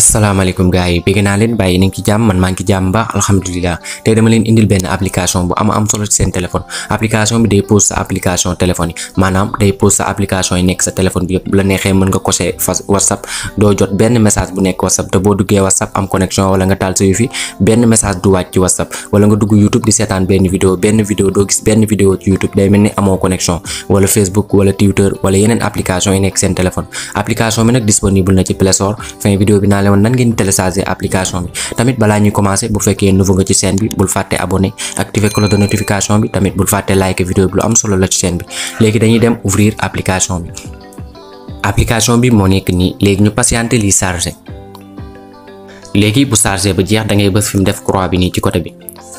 Assalamualaikum guys. yi bayi ini kijam man man kijam ngi alhamdulillah. jàmm baax dama indil ben application bu ama am solo ci telepon. Aplikasi application bi day pose sa application téléphone yi maanaam day pose sa application yi sa bi la nga whatsapp do jot ben message bu nek whatsapp te bo duggee whatsapp am connection. wala nga yufi. sa wifi dua message du wacc whatsapp wala nga dugg youtube di seetaan video. video video video do gis ben video youtube day melni amo connection. wala facebook wala twitter wala yenen application yi nekk seen téléphone application bi nag disponible na ci play store fin video bi na ne woon nan ngeen télécharger application bi tamit balaa ñuy commencer bu fekkee nouveau nga ci chaîne bi bul fàtte abonné activer cloche de notification bi tamit bul fàtte like vidéo bi lu am solo la ci chaîne bi léegi dañuy dem ouvrir application bi application bi moo nekk nii léegi ñu patienter li charger léegi bu chargé ba jeex da ngay bës fi mu def croix bi nii ci côté bi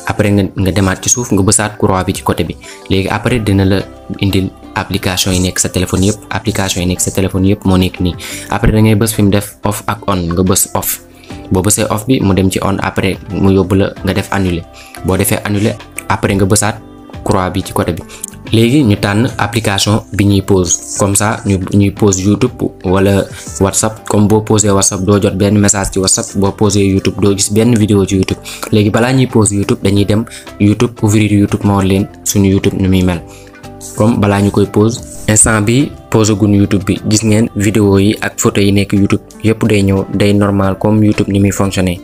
après nga nga demaat ci suuf nga bësaat croix bi ci côté bi léegi après dina application yi nekk sa téléphone yëpp application yi nekk sa téléphone yëpp moo nekk nii après da ngay bës fi mu def off ak on nga bës off boo bësee off bi mu dem ci on après mu yóbbu la nga def annuler boo defee annuler après nga bësaat croix bi ci côté bi léegi ñu tànn application bi ñuy pause comme ça ñu ñuy pose YouTube wala WhatsApp comme boo posé WhatsApp doo jot benn message ci WhatsApp boo posé YouTube doo gis benn vidéo ci YouTube léegi balaa ñuy pose YouTube dañuy dem YouTube ouvrir YouTube moo leen suñu YouTube nu muy comme balaa ñu koy pause instant bi pause gun YouTube bi gis ngeen vidéo yi ak photo yi nekk YouTube yëpp day ñëw day normal comme YouTube ni muy fonctionner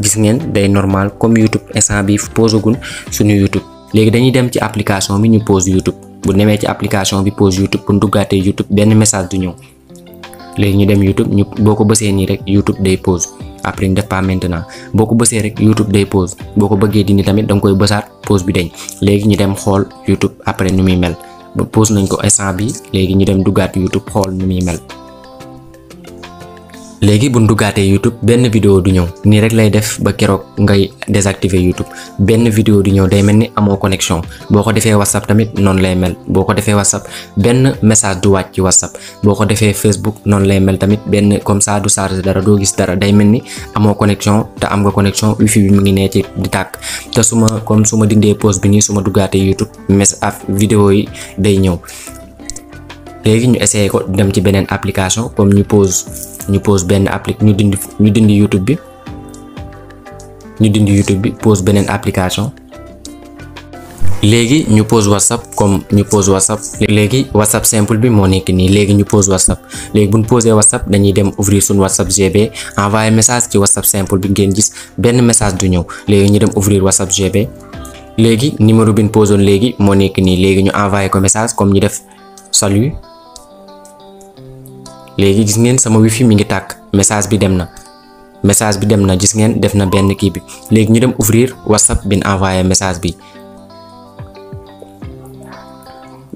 gis ngeen day normal comme YouTube instant bi pause gun suñu YouTube léegi dañuy dem ci application bi ñu pause YouTube bu demee ci application bi pose YouTube bu duggaatee YouTube benn message du ñëw léegi ñu dem YouTube ñu boo ko bësee nii rek YouTube day pause après ñu def pas maintenant boo ko bësee rek YouTube day pause boo ko bëggee dindi tamit da nga koy bësaat pause bi dañ léegi ñu dem xool YouTube après nu muy mel ba pause nañ ko instant bi léegi ñu dem duggaat YouTube xool nu muy mel. léegi bu ñu duggaatee YouTube benn vidéo du ñëw nii rek lay def ba keroog ngay désactiver YouTube benn vidéo du ñëw day mel ni amoo connexion boo ko defee WhatsApp tamit noonu lay mel boo ko defee WhatsApp benn message du wàcc ci WhatsApp boo ko defee Facebook noonu lay mel tamit benn comme ça du charge dara doo gis dara day mel ni amoo connexion te am nga connexion wifi bi mu ngi nee ci di tàkk te su ma comme su ma dindee pause bi nii suma ma duggaatee YouTube mes af ah, vidéo yi day ñëw léegi ñu essayé ko dem ci beneen application comme ñu pose ñu pose benn appli ñu dindi ñu dindi YouTube bi ñu dindi YouTube bi pose beneen application léegi ñu pose WhatsApp comme ñu pose WhatsApp léegi WhatsApp simple bi moo nekk nii léegi ñu pose WhatsApp léegi bu ñu posé WhatsApp dañuy dem ouvrir suñu WhatsApp GB envoyé message ci WhatsApp simple bi ngeen gis benn message du ñëw léegi ñu dem ouvrir WhatsApp GB léegi numéro bi ñu posoon léegi moo nekk nii léegi ñu envoyé ko message comme ñu def salut Les gis ngeen sama wifi mi ngi tak message bi dem message bi dem na gis ouvrir whatsapp bin envoyé message bi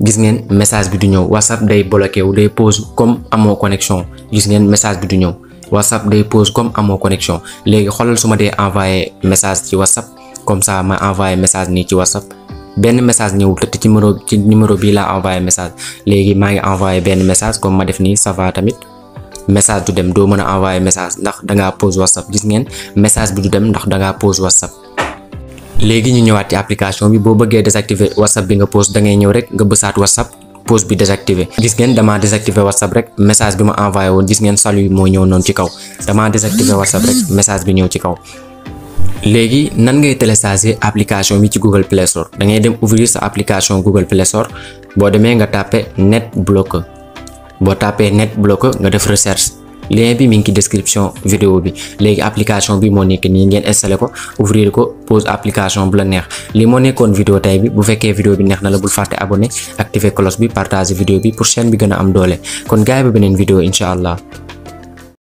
gis message bi whatsapp day bloqué ou day pause comme amo connexion gis ngeen message bi whatsapp day pause comme amo connexion Les xolal suma day message ci whatsapp comme ça ma envoyé message ni ci whatsapp benn message ñëw te ci numéro ci numéro bii laa envoyé message léegi maa ngi envoyé benn message comme ma def nii ça tamit message du dem doo mën a envoyé message ndax dangaa pause whatsapp gis ngeen message bi du dem ndax dangaa pause whatsapp léegi ñu ñëwaat ci application bi boo bëggee désactiver whatsapp bi nga pause da ngay ñëw rek nga bësaat whatsapp pause bi désactivé gis ngeen damaa désactivé whatsapp rek message bi ma envoyé woon gis ngeen salut moo ñëw noonu ci kaw damaa désactivé whatsapp rek message bi ñëw ci kaw léegi nan ngay télécharger application bi ci Google Play Store da ngay dem ouvrir sa application Google Play Store boo demee nga tàppe NetBlocker boo tàppee NetBlocker nga def recherche lien bi mi ngi ci description vidéo bi léegi application bi moo nekk nii ngeen installé ko ouvrir ko pose application bu la neex li moo nekkoon vidéo tey bi bu fekkee vidéo bi neex na la bul fàtte abonné activer cloche bi partager vidéo bi pour chaîne bi gën a am doole kon gaay beneen vidéo incha allah